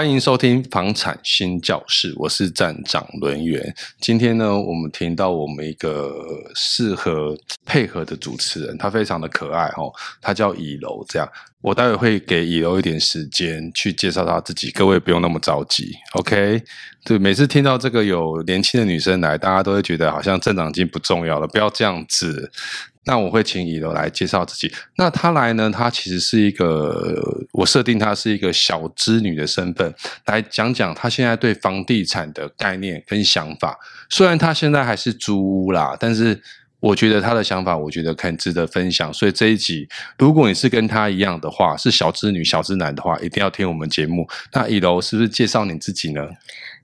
歡迎收聽房產星叫室，我是站長倫媛。今天呢，我們聽到我們一個適合配合的主持人，他非常的可愛哦，他叫以柔這樣。我待會會給以柔一點時間去介紹她自己，各位不用那麼着急，OK？對，每次聽到這個有年輕的女生來，大家都會覺得好像正長已經不重要了，不要這樣子。那我會請以柔來介紹自己。那她來呢？她其實是一個，我設定她是一個小資女的身份，來講講她現在對房地產的概念跟想法。雖然她現在還是租屋啦，但是。我覺得他的想法，我覺得很值得分享。所以這一集，如果你是跟他一樣的話，是小資女、小資男的話，一定要聽我們節目。那以柔是不是介紹你自己呢？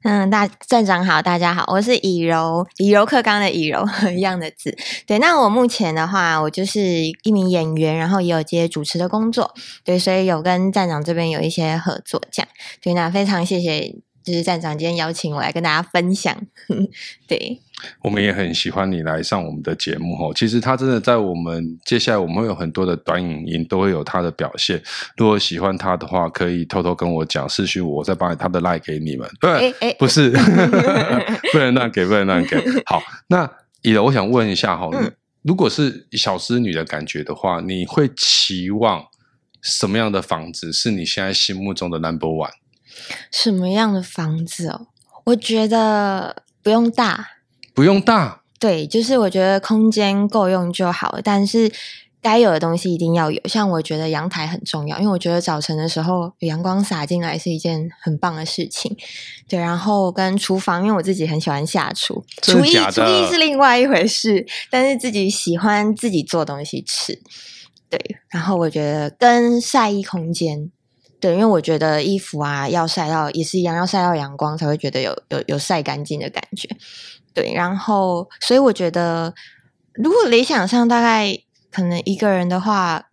嗯，大站長好，大家好，我是以柔，以柔克剛的以柔，一樣的字。對，那我目前的話，我就是一名演員，然後也有接主持的工作。對，所以有跟站長這邊有一些合作。這樣對，那非常謝謝，就是站長今天邀請我來跟大家分享。呵呵對。我們也很喜歡你來上我們的節目哦。其實他真的，在我們接下來，我們會有很多的短影音都會有他的表現。如果喜歡他的話，可以偷偷跟我講私訊，我再把他的 LINE 給你們。對，欸欸、不是，不能亂給，不能亂給。 好，那也我想問一下哈，如果是小資女的感覺的話，嗯、你會期望什麼樣的房子是你現在心目中的 number one？什麼樣的房子哦？我覺得不用大。不用大，對，就是我覺得空間夠用就好，但是該有的東西一定要有。像我覺得陽台很重要，因為我覺得早晨的時候陽光灑進來是一件很棒的事情。對，然後跟廚房，因為我自己很喜歡下廚，廚藝廚藝是另外一回事，但是自己喜歡自己做東西吃。對，然後我覺得跟曬衣空間，對，因為我覺得衣服啊要曬到也是一樣，要曬到陽光才會覺得有有有曬乾淨的感覺。對，然後所以我覺得，如果理想上大概可能一個人的話，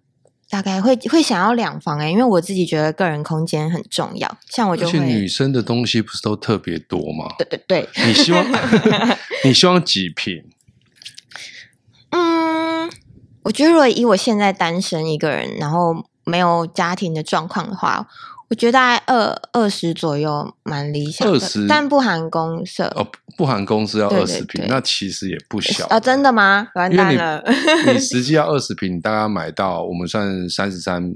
大概會會想要兩房哎、欸，因為我自己覺得個人空間很重要。像我就，就去女生的東西不是都特別多嗎？對對對，你希望 你希望幾坪？嗯，我覺得如果以我現在單身一個人，然後沒有家庭的狀況的話。我覺得大概二二十左右蠻理想的。20, 但不含公設哦，不含公設要二十坪，對對對那其實也不小啊、哦！真的嗎？完蛋了！你, 你實際要二十坪，你大,嗯、你大概要買到我們算三十三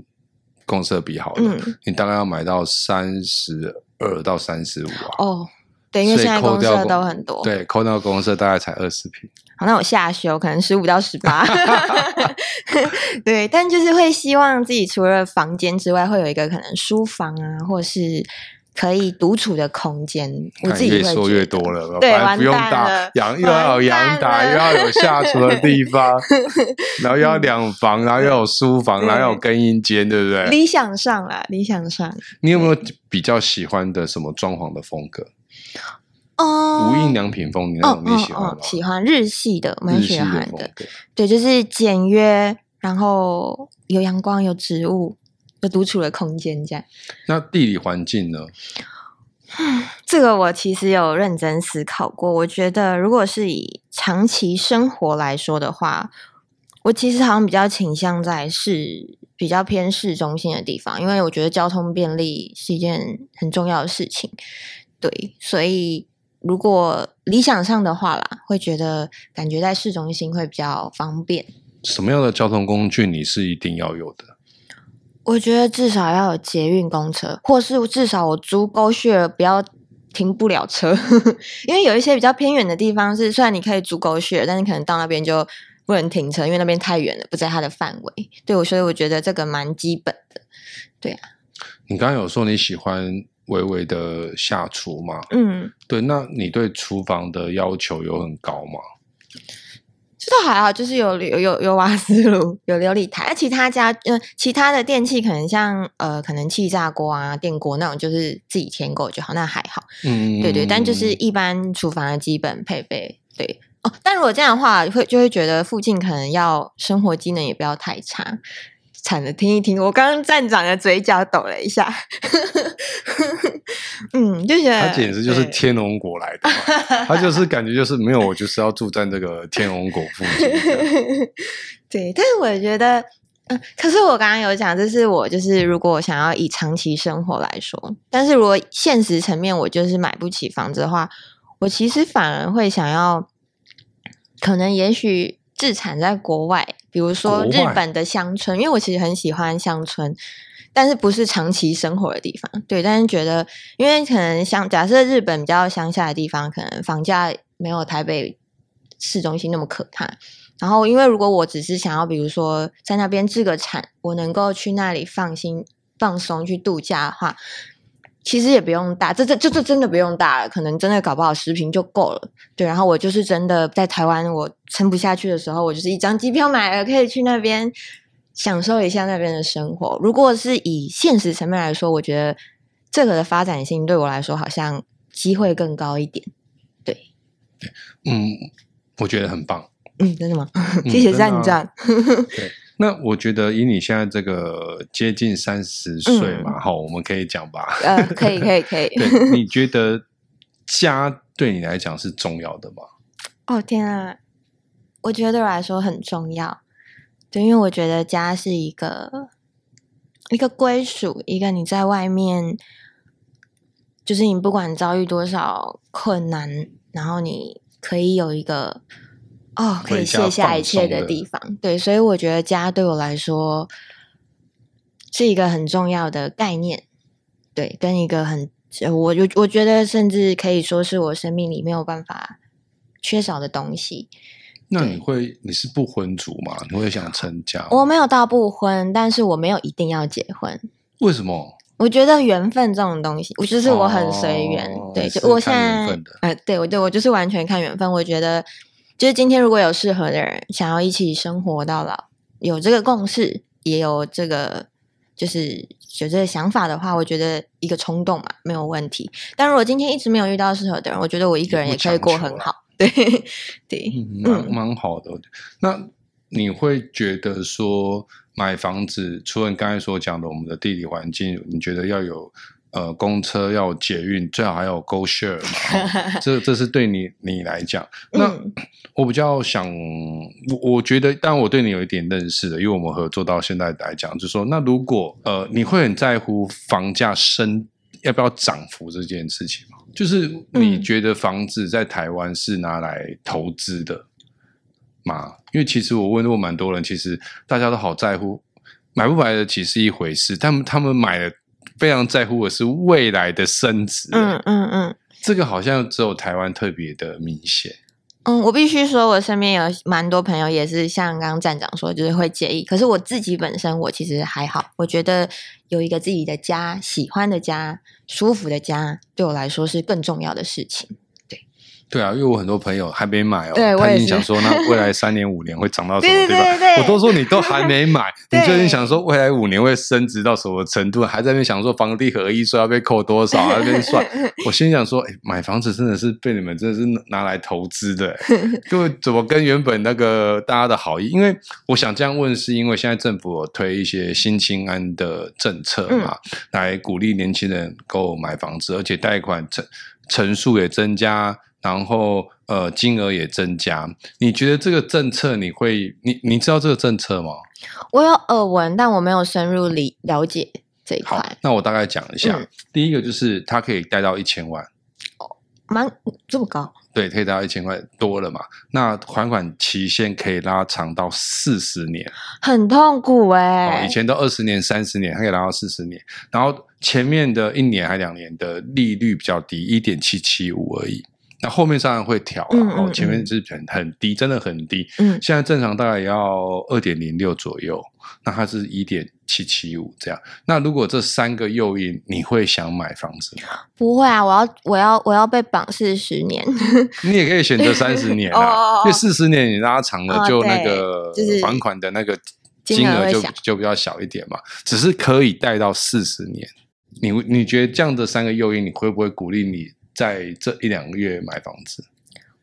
公設比好的，你大概要買到三十二到三十五啊！哦，對，因為現在公設都很多，對，扣掉公設大概才二十坪。那我下修可能十五到十八， 對，但就是會希望自己除了房間之外，會有一個可能書房啊，或是可以獨處的空間。我自己可以說越多了，對，不用打，又要有陽台，又要有下廚的地方 然，然後又要兩房，然後又有書房， 對然後又要有更衣間，對不對？理想上啊，理想上，你有沒有比較喜歡的什麼裝潢的風格？Uh, 無印良品風，你你喜歡、哦哦哦、喜歡日系的，蠻喜歡的。的對，對，就是簡約，然後有陽光，有植物，有獨處的空間這樣。那地理環境呢？這個我其實有認真思考過。我覺得，如果是以長期生活來說的話，我其實好像比較傾向在市比較偏市中心的地方，因為我覺得交通便利是一件很重要的事情。對，所以。如果理想上的話啦，會覺得感覺在市中心會比較方便。什麼樣的交通工具你是一定要有的？我覺得至少要有捷運、公車，或是至少我租 GoShare 不要停不了車。 因為有一些比較偏遠的地方是，雖然你可以租 GoShare，但是你可能到那邊就不能停車，因為那邊太遠了，不在它的範圍。對我，所以我覺得這個蠻基本的。對啊，你剛剛有說你喜歡。微微的下廚嘛，嗯，對，那你對廚房的要求有很高嗎？這還好，就是有有有，有瓦斯爐，有琉璃台，啊、其他家、呃、其他的電器可能像呃可能氣炸鍋啊、電鍋那種，就是自己添購就好，那還好，嗯，對對，但就是一般廚房的基本配備，對哦，但如果這樣的話，會就會覺得附近可能要生活機能也不要太差。慘了聽一聽，我剛剛站長的嘴角抖了一下， 嗯，就覺得他簡直就是天龍國來的，對 他就是感覺就是沒有，我就是要住在那個天龍國附近。 對，但是我覺得，呃、可是我剛剛有講，就是我就是如果我想要以長期生活來說，但是如果現實層面我就是買不起房子的話，我其實反而會想要，可能也許置產在國外。比如說日本的鄉村，oh, my. 因為我其實很喜歡鄉村，但是不是長期生活的地方。對，但是覺得，因為可能鄉，假設日本比較鄉下的地方，可能房價沒有台北市中心那麼可怕。然後，因為如果我只是想要，比如說在那邊置個產，我能夠去那裡放心放鬆去度假的話。其實也不用大，這這這這真的不用大，可能真的搞不好十坪就夠了。對，然後我就是真的在台灣我撐不下去的時候，我就是一張機票買了，可以去那邊享受一下那邊的生活。如果是以現實層面來說，我覺得這個的發展性對我來說好像機會更高一點。對，對嗯，我覺得很棒。嗯，真的嗎？嗯、謝謝讚讚、啊。你那我覺得以你現在這個接近三十歲嘛，嗯、好，我們可以講吧。呃，可以，可以，可以。 對，你覺得家對你來講是重要的嗎？哦天啊，我覺得對我來說很重要，對，因為我覺得家是一個一個歸屬，一個你在外面，就是你不管遭遇多少困難，然後你可以有一個。哦，可以卸下一切的地方，對，所以我覺得家對我來說是一個很重要的概念，對，跟一個很我就我覺得甚至可以說是我生命裡沒有辦法缺少的東西。那你會你是不婚族嗎？你會想成家？我沒有到不婚，但是我沒有一定要結婚。為什麼？我覺得緣分這種東西，我就是我很隨緣，哦、對，就我現在，緣分的呃、對我對我就是完全看緣分，我覺得。就是今天如果有適合的人，想要一起生活到老，有這個共識，也有這個就是有這個想法的話，我覺得一個衝動嘛，沒有問題。但如果今天一直沒有遇到適合的人，我覺得我一個人也可以過很好。對對，對嗯、蠻蠻好的。那你會覺得說買房子，除了你剛才所講的我們的地理環境，你覺得要有？呃，公車要捷運，最好還有 Go Share 嘛。 這這是對你你來講，那我比較想，我，我覺得，當然我對你有一點認識的，因為我們合作到現在來講，就是說，那如果呃，你會很在乎房價升要不要漲幅這件事情嗎？就是你覺得房子在台灣是拿來投資的嗎？嗯。因為其實我問過蠻多人，其實大家都好在乎買不買得起是一回事，但他們買了。非常在乎我是未來的升值，嗯。嗯嗯嗯，這個好像只有台灣特別的明顯。嗯，我必須說，我身邊有蠻多朋友也是像剛剛站長說，就是會介意。可是我自己本身，我其實還好。我覺得有一個自己的家，喜歡的家，舒服的家，對我來說是更重要的事情。對啊，因為我很多朋友還沒買哦，對他已經想說那未來三年五年會漲到什麼地 對對 吧？我都說你都還沒買，對你最近想說未來五年會升值到什麼程度？對還在那邊想說房地合一說要被扣多少，還在那邊算。 我心想說誒，買房子真的是被你們真的是拿來投資的， 就怎麼跟原本那個大家的好意？因為我想這樣問，是因為現在政府有推一些新青安的政策嘛，嗯、來鼓勵年輕人購買房子，而且貸款成成數也增加。然後，呃，金額也增加。你覺得這個政策你會你你知道這個政策嗎？我有耳聞，但我沒有深入理了解這一塊。好，那我大概講一下。嗯、第一個就是它可以貸到一千萬，哦，蠻這麼高。對，可以貸到一千萬多了嘛？那還款，款期限可以拉長到四十年，很痛苦哎、欸哦。以前都二十年、三十年，它可以拉到四十年。然後前面的一年還兩年的利率比較低，一點七七五而已。那後面當然會調，啊，然、嗯嗯嗯、前面是很很低，真的很低。嗯，現在正常大概也要二點零六左右，那它是一點七七五這樣。那如果這三個誘因，你會想買房子嗎？不會啊，我要我要我要被綁四十年。 你也可以選擇三十年啊， 哦哦哦，因為四十年你拉長了，就那個還款的那個金額就金額就，就比較小一點嘛。只是可以貸到四十年。你你覺得這樣的三個誘因，你會不會鼓勵你？在這一兩個月買房子，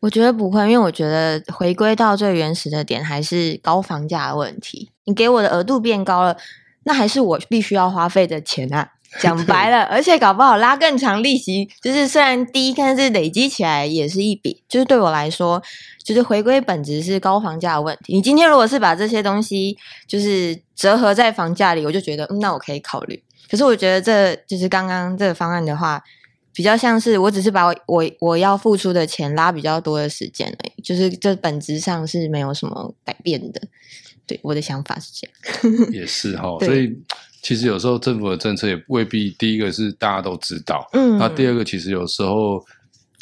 我覺得不會，因為我覺得回歸到最原始的點，還是高房價的問題。你給我的額度變高了，那還是我必須要花費的錢啊。講白了，對而且搞不好拉更長利息，就是雖然低，但是累積起來也是一筆。就是對我來說，就是回歸本質是高房價的問題。你今天如果是把這些東西就是折合在房價裡，我就覺得，嗯，那我可以考慮。可是我覺得這就是剛剛這個方案的話。比較像是，我只是把我我，我要付出的錢拉比較多的時間而已，就是這本質上是沒有什麼改變的。對，我的想法是這樣。 也是哈，對所以其實有時候政府的政策也未必，第一個是大家都知道，那、嗯、第二個其實有時候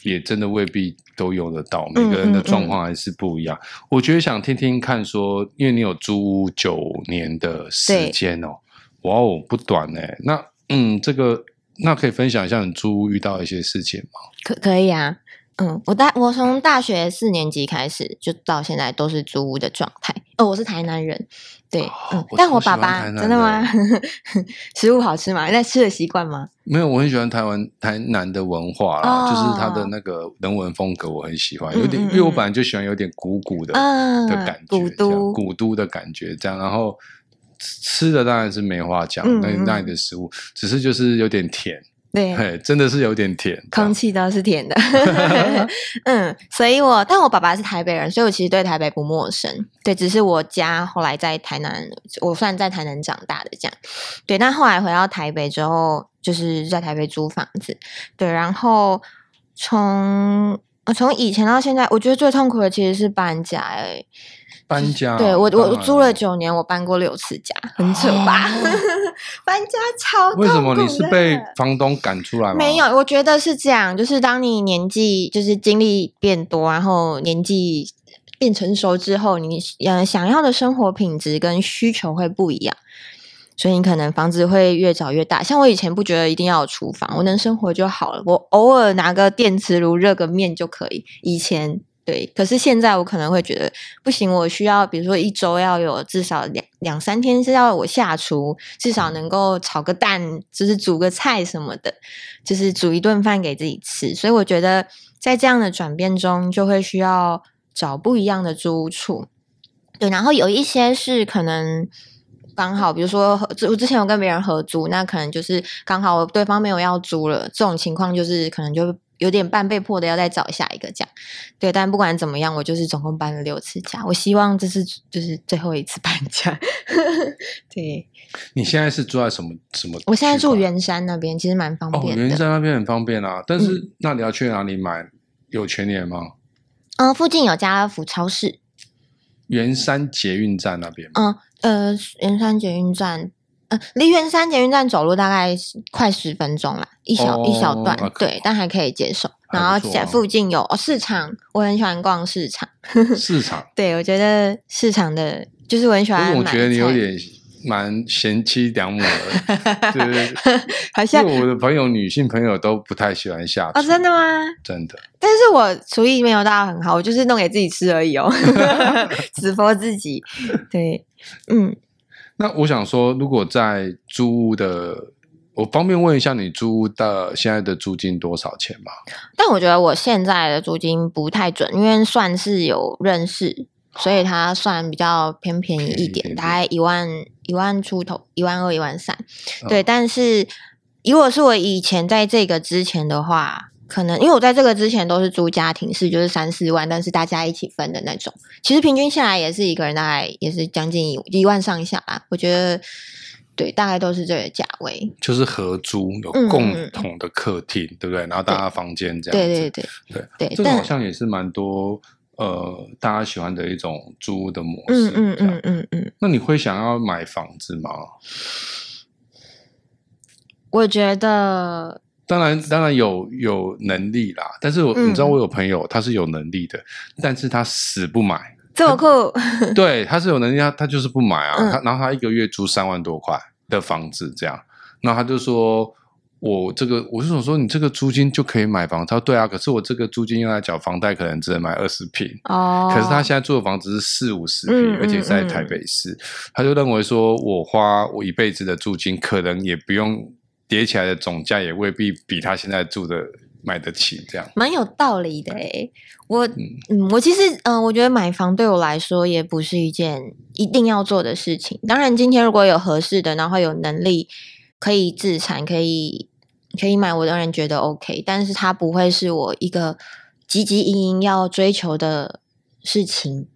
也真的未必都用得到，每個人的狀況還是不一樣。嗯嗯嗯，我覺得想聽聽看說，因為你有租九年的時間哦、喔，對哇哦，不短呢、欸。那嗯，這個。那可以分享一下你租屋遇到一些事情嗎？可可以啊，嗯，我大我從大學四年級開始就到現在都是租屋的狀態。哦，我是台南人，對，哦嗯、但我爸爸我超喜歡台南的。真的嗎？ 食物好吃嗎？那吃的習慣嗎？沒有，我很喜歡台灣台南的文化啦，哦、就是它的那個人文風格我很喜歡，有點嗯嗯嗯因為我本來就喜歡有點古古的嗯的感覺，古都古都的感覺這樣，然後。吃的當然是沒話講，那，嗯嗯、那裡的食物只是就是有點甜，對，Hey, 真的是有點甜。空氣都是甜的，樣 嗯，所以我，但我爸爸是台北人，所以我其實對台北不陌生。對，只是我家後來在台南，我算在台南長大的這樣。對，但後來回到台北之後，就是在台北租房子。對，然後從從以前到現在，我覺得最痛苦的其實是搬家，欸。搬家，對，我我租了九年，我搬過六次家，很扯吧？哦、 搬家超痛苦。為什麼？你是被房東趕出來嗎？沒有，我覺得是這樣，就是當你年紀就是經歷變多，然後年紀變成熟之後，你想要的生活品質跟需求會不一樣，所以你可能房子會越找越大。像我以前不覺得一定要有廚房，我能生活就好了，我偶爾拿個電磁爐熱個麵就可以。以前。對，可是現在我可能會覺得不行，我需要比如說一周要有至少兩兩三天是要我下廚，至少能夠炒個蛋，就是煮個菜什麼的，就是煮一頓飯給自己吃。所以我覺得在這樣的轉變中，就會需要找不一樣的租處。對，然後有一些是可能剛好，比如說我之前有跟別人合租，那可能就是剛好我對方沒有要租了，這種情況就是可能就。有點半被迫的要再找下一個家，對。但不管怎麼樣，我就是總共搬了六次家。我希望這是就是最後一次搬家。 對。你現在是住在什麼什麼？我現在住圓山那邊，其實蠻方便的。哦，圓山那邊很方便啊。但是那你要去哪裡買？嗯、有全年嗎？嗯、呃，附近有家樂福超市。圓山捷運站那邊？嗯，呃，圓山捷運站。離圓、呃、山捷運站走路大概快十分鐘了，一小、oh, 一小段，okay. 對，但還可以接受。啊、然後在附近有、哦、市場，我很喜歡逛市場。 市場，對我覺得市場的就是我很喜歡。我覺得你有點蠻賢妻良母的，好像 我的朋友 女性朋友都不太喜歡下。 哦，真的嗎？真的。但是我廚藝沒有到很好，我就是弄給自己吃而已哦， 直播自己。對，嗯。那我想說，如果在租屋的，我方便問一下你租屋的現在的租金多少錢嗎？但我覺得我現在的租金不太準，因為算是有認識，所以它算比較偏便宜一點，一點點。大概一萬一萬出頭，一萬二、一萬三。對，嗯，但是如果是我以前在這個之前的話。可能因為我在這個之前都是租家庭式，就是三四萬，但是大家一起分的那種，其實平均下來也是一個人大概也是將近一萬上下啦、啊。我覺得對，大概都是這個價位，就是合租有共同的客廳，嗯嗯對不對？然後大家房間這樣對，對對對對對，但這個好像也是蠻多呃大家喜歡的一種租的模式，嗯，嗯嗯嗯嗯嗯。那你會想要買房子嗎？我覺得。當然，當然有有能力啦。但是我、嗯、你知道，我有朋友，他是有能力的，但是他死不買。這個對，他是有能力，他他就是不買啊。嗯、他然後他一個月租三萬多塊的房子，這樣，那他就說我這個，我就想說，你這個租金就可以買房。他說對啊，可是我這個租金用來繳房貸，可能只能買二十坪。哦。可是他現在住的房子是四五十坪，嗯、而且在台北市，嗯、他就認為說我花我一輩子的租金，可能也不用。疊起來的總價也未必比他現在住的買得起，這樣。蠻有道理的誒、欸，我嗯，嗯，我其實嗯、呃，我覺得買房對我來說也不是一件一定要做的事情。當然，今天如果有合適的，然後有能力可以自產，可以可以買，我當然覺得 OK。但是它不會是我一個汲汲營營要追求的事情。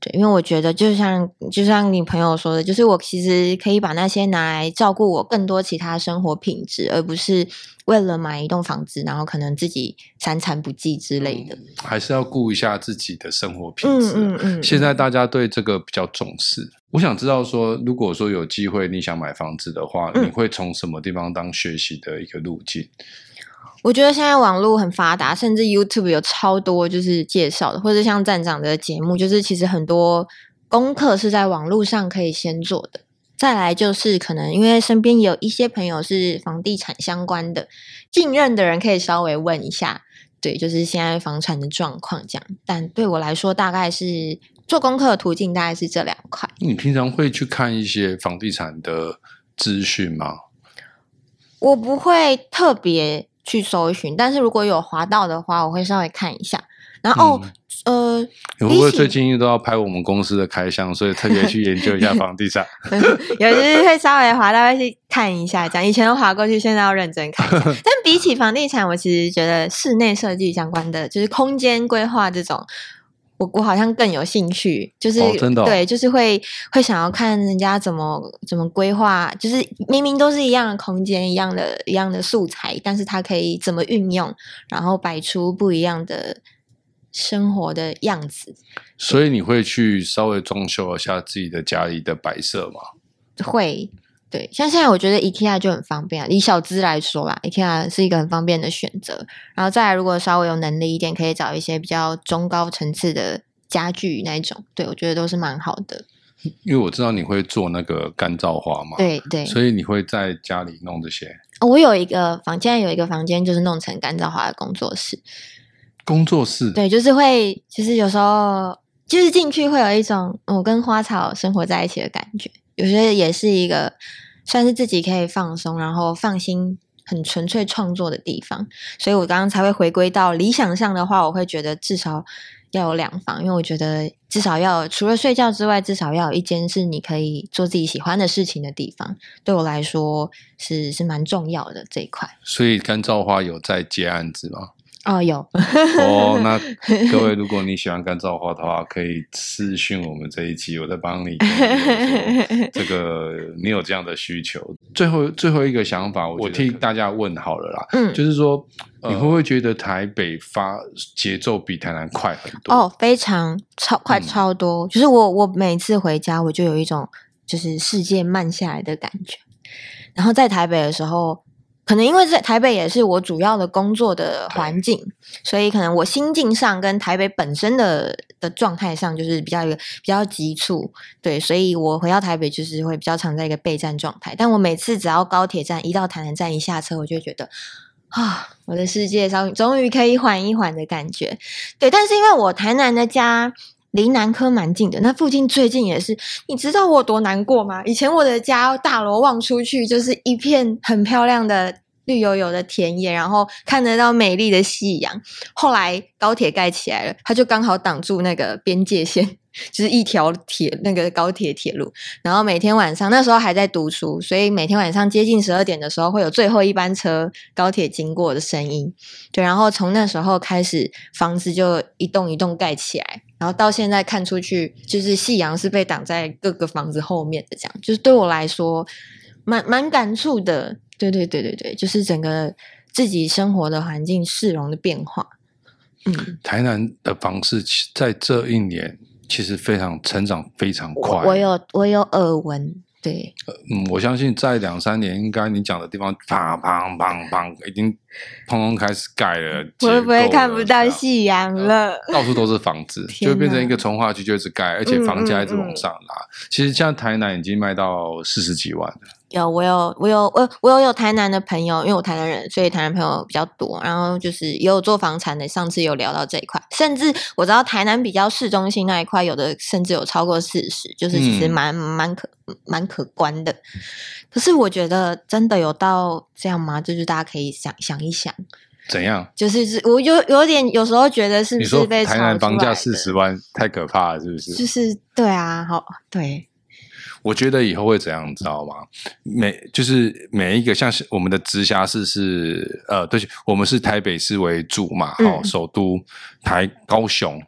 對，因為我覺得就像就像你朋友說的，就是我其實可以把那些拿來照顧我更多其他生活品質，而不是為了買一棟房子，然後可能自己三餐不繼之類的。嗯，還是要顧一下自己的生活品質。嗯嗯嗯。現在大家對這個比較重視。我想知道說，如果說有機會你想買房子的話，嗯，你會從什麼地方當學習的一個路徑？我覺得現在網絡很發達，甚至 YouTube 有超多就是介紹的，或者像站長的節目，就是其實很多功課是在網絡上可以先做的。再來就是可能因為身邊有一些朋友是房地產相關的，信任的人可以稍微問一下，對，就是現在房產的狀況這樣。但對我來說，大概是做功課的途徑大概是這兩塊。你平常會去看一些房地產的資訊嗎？我不會特別。去搜尋，但是如果有滑到的話，我會稍微看一下。然後，嗯哦、呃，因為最近都要拍我們公司的開箱，所以特別去研究一下房地產。有時會稍微滑到，去看一下。這樣以前都滑過去，現在要認真看。 但比起房地產，我其實覺得室內設計相關的，就是空間規劃這種。我我好像更有興趣，就是、哦真的哦，對，就是會會想要看人家怎麼怎麼規劃，就是明明都是一樣的空間，一樣的一樣的素材，但是它可以怎麼運用，然後擺出不一樣的生活的樣子。所以你會去稍微裝修一下自己的家裡的擺設嗎？會。對，像現在我覺得 IKEA 就很方便啊。以小資來說啦，IKEA 是一個很方便的選擇。然後再來，如果稍微有能力一點，可以找一些比較中高層次的家具那一種。對，我覺得都是蠻好的。因為我知道你會做那個乾燥花嘛，對對，對所以你會在家裡弄這些？我有一個房間，有一個房間就是弄成乾燥花的工作室。工作室？對，就是會，其實、就是有時候就是進去會有一種我、哦、跟花草生活在一起的感覺。我覺得也是一個算是自己可以放鬆，然後放心，很純粹創作的地方，所以我剛剛才會回歸到理想上的話，我會覺得至少要有兩房，因為我覺得至少要除了睡覺之外，至少要有一間是你可以做自己喜歡的事情的地方，對我來說是是蠻重要的這一塊。所以乾燥花有在接案子嗎？哦，有哦！ oh, 那各位，如果你喜歡乾燥花的話，可以私訊我們這一期，我再幫你。 這個你有這樣的需求， 最後最後一個想法，我，我替大家問好了啦。嗯，就是說，你會不會覺得台北發節奏比台南快很多？哦、呃，非常超快超多，嗯、就是我我每次回家，我就有一種就是世界慢下來的感覺。然後在台北的時候。可能因為在台北也是我主要的工作的環境，對所以可能我心境上跟台北本身的的狀態上就是比較一個比較急促，對，所以我回到台北就是會比較常在一個備戰狀態。但我每次只要高鐵站一到台南站一下車，我就覺得啊，我的世界終於終於可以緩一緩的感覺。對，但是因為我台南的家。離南科蠻近的，那附近最近也是。你知道我多難過嗎？以前我的家大樓望出去就是一片很漂亮的綠油油的田野，然後看得到美麗的夕陽。後來高鐵蓋起來了，它就剛好擋住那個邊界線，就是一條鐵那個高鐵鐵路。然後每天晚上那時候還在讀書，所以每天晚上接近十二點的時候會有最後一班車高鐵經過的聲音。對，然後從那時候開始，房子就一棟一棟蓋起來。然後到現在看出去，就是夕陽是被擋在各個房子後面的，這樣就是對我來說蠻蠻感觸的。對對對對對，就是整個自己生活的環境市容的變化。嗯，台南的房市在這一年其實非常成長，非常快。我，我有我有耳聞。對，嗯，我相信再兩三年，應該你講的地方，啪，砰砰砰，已經砰砰開始蓋了，了我都不會看不到夕陽了。嗯、到處都是房子，哪就會變成一個重劃區，就一直蓋，而且房價一直往上拉。嗯嗯嗯，其實像台南已經賣到四十幾萬了。有我有我有我我有我有台南的朋友，因為我台南人，所以台南朋友比較多。然後就是也有做房產的，上次有聊到這一塊，甚至我知道台南比較市中心那一塊，有的甚至有超過四十，就是其實蠻、嗯、蠻可蠻可觀的。可是我覺得真的有到這樣嗎？就是大家可以想想一想，怎樣？就是我有有點有時候覺得是不是被炒出來的？你說台南房價四十萬太可怕了，是不是？就是對啊，好對。我覺得以後會怎樣，你知道嗎？每就是每一個像我們的直轄市是呃，對，我們是台北市為主嘛，齁、嗯，首都台高雄，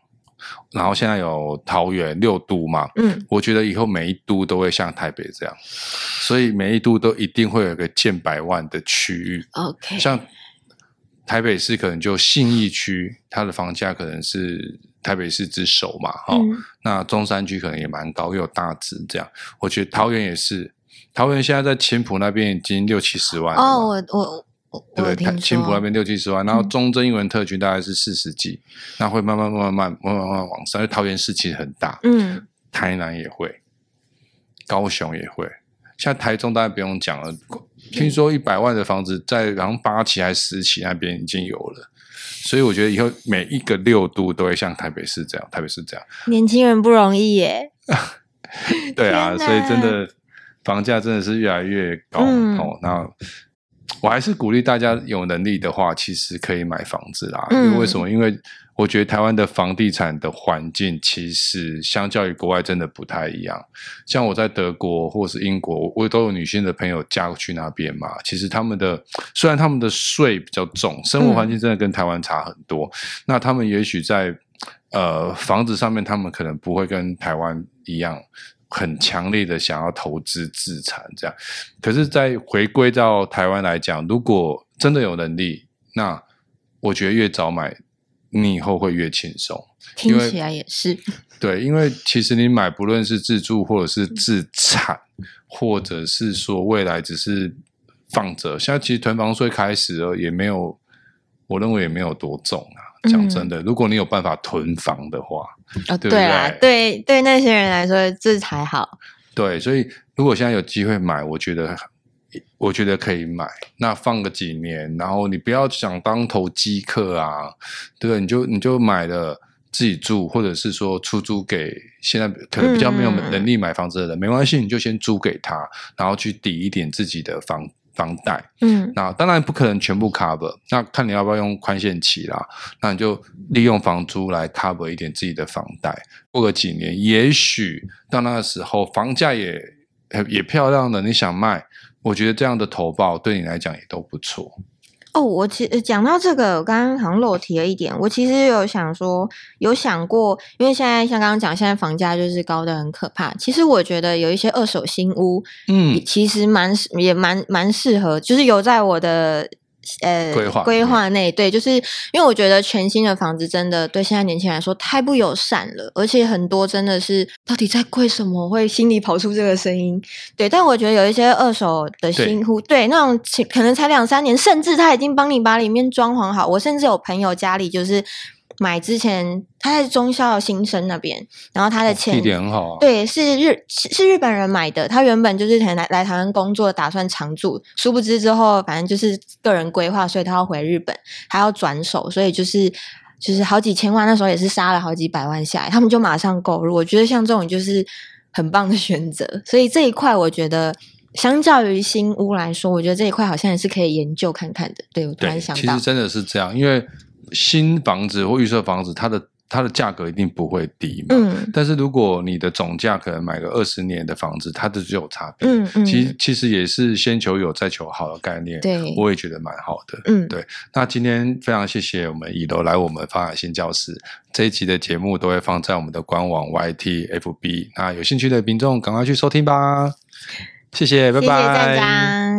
然後現在有桃園六都嘛，嗯，我覺得以後每一都都會像台北這樣，所以每一都都一定會有一個近百萬的區域，OK，像台北市可能就信義區，它的房價可能是。台北市之首嘛，哈、嗯，那中山區可能也蠻高，又有大直這樣，我覺得桃園也是，桃園現在在青埔那邊已經六七十萬了哦，我我對對？青埔那邊六七十萬，然後中正英文特區大概是四十幾，嗯、那會慢慢慢慢慢慢慢慢往上。因為桃園市其實很大，嗯，台南也會，高雄也會，現在台中當然不用講了，聽說一百萬的房子在然後八期還是十期那邊已經有了。所以我覺得以後每一個六度都會像台北市這樣，台北市這樣。年輕人不容易耶。 對啊，哪所以真的房價真的是越來越高哦。嗯、那我還是鼓勵大家有能力的話，其實可以買房子啦。嗯、為，為什麼？因為。我覺得台灣的房地產的環境其實相較於國外真的不太一樣。像我在德國或是英國，我都有女性的朋友嫁過去那邊嘛。其實他們的，雖然他們的稅比較重，生活環境真的跟台灣差很多。嗯、那他們也許在呃房子上面，他們可能不會跟台灣一樣很強烈的想要投資置產這樣。可是，在回歸到台灣來講，如果真的有能力，那我覺得越早買。你以後會越輕鬆，聽起來也是。 對，因為其實你買，不論是自住或者是自產，或者是說未來只是放着，現在其實囤房稅開始了，也沒有，我認為也沒有多重啊。講真的，嗯、如果你有辦法囤房的話，啊、嗯哦，對啊。對對，那些人來說，這才好。對，所以如果現在有機會買，我覺得。我覺得可以買，那放個幾年，然後你不要想當投機客啊，對不對？你就你就買了自己住，或者是說出租給現在可能比較沒有能力買房子的人，嗯、沒關係，你就先租給他，然後去抵一點自己的房房貸。嗯，那當然不可能全部 cover，那看你要不要用寬限期啦。那你就利用房租來 cover 一點自己的房貸。過個幾年，也許到那個時候房價也也漂亮的，你想賣。我覺得這樣的投報對你來講也都不錯哦。我其實講到這個，我剛剛好像漏提了一點，我其實有想說，有想過，因為現在像剛剛講，現在房價就是高得很可怕。其實我覺得有一些二手新屋，嗯，其實蠻也蠻蠻適合，就是有在我的。呃，規劃規劃內、嗯、對，就是因為我覺得全新的房子真的對現在年輕人來說太不友善了，而且很多真的是到底在貴什麼會心裡跑出這個聲音？對，但我覺得有一些二手的新戶，對,對那種可能才兩三年，甚至他已經幫你把裡面裝潢好，我甚至有朋友家裡就是。買之前，他在忠孝新生那邊，然後他的錢、哦、地點很好、啊，對，是日是，是日本人買的。他原本就是前來來台灣工作，打算常住，殊不知之後反正就是個人規劃，所以他要回日本，還要轉手，所以就是就是好幾千萬，那時候也是殺了好幾百萬下來，他們就馬上購入。我覺得像這種就是很棒的選擇，所以這一塊我覺得相較於新屋來說，我覺得這一塊好像也是可以研究看看的。對，我突然想到，其實真的是這樣，因為。新房子或預售房子，它的它的價格一定不會低嘛。嗯、但是如果你的總價可能買個二十年的房子，它的就有差別。嗯嗯。嗯其其實也是先求有再求好的概念。對。我也覺得蠻好的。嗯。對。那今天非常謝謝我們以柔來我們房產星叫室這一集的節目，都會放在我們的官網 YTFB。那有興趣的民眾趕快去收聽吧。謝謝，嗯、拜拜。謝謝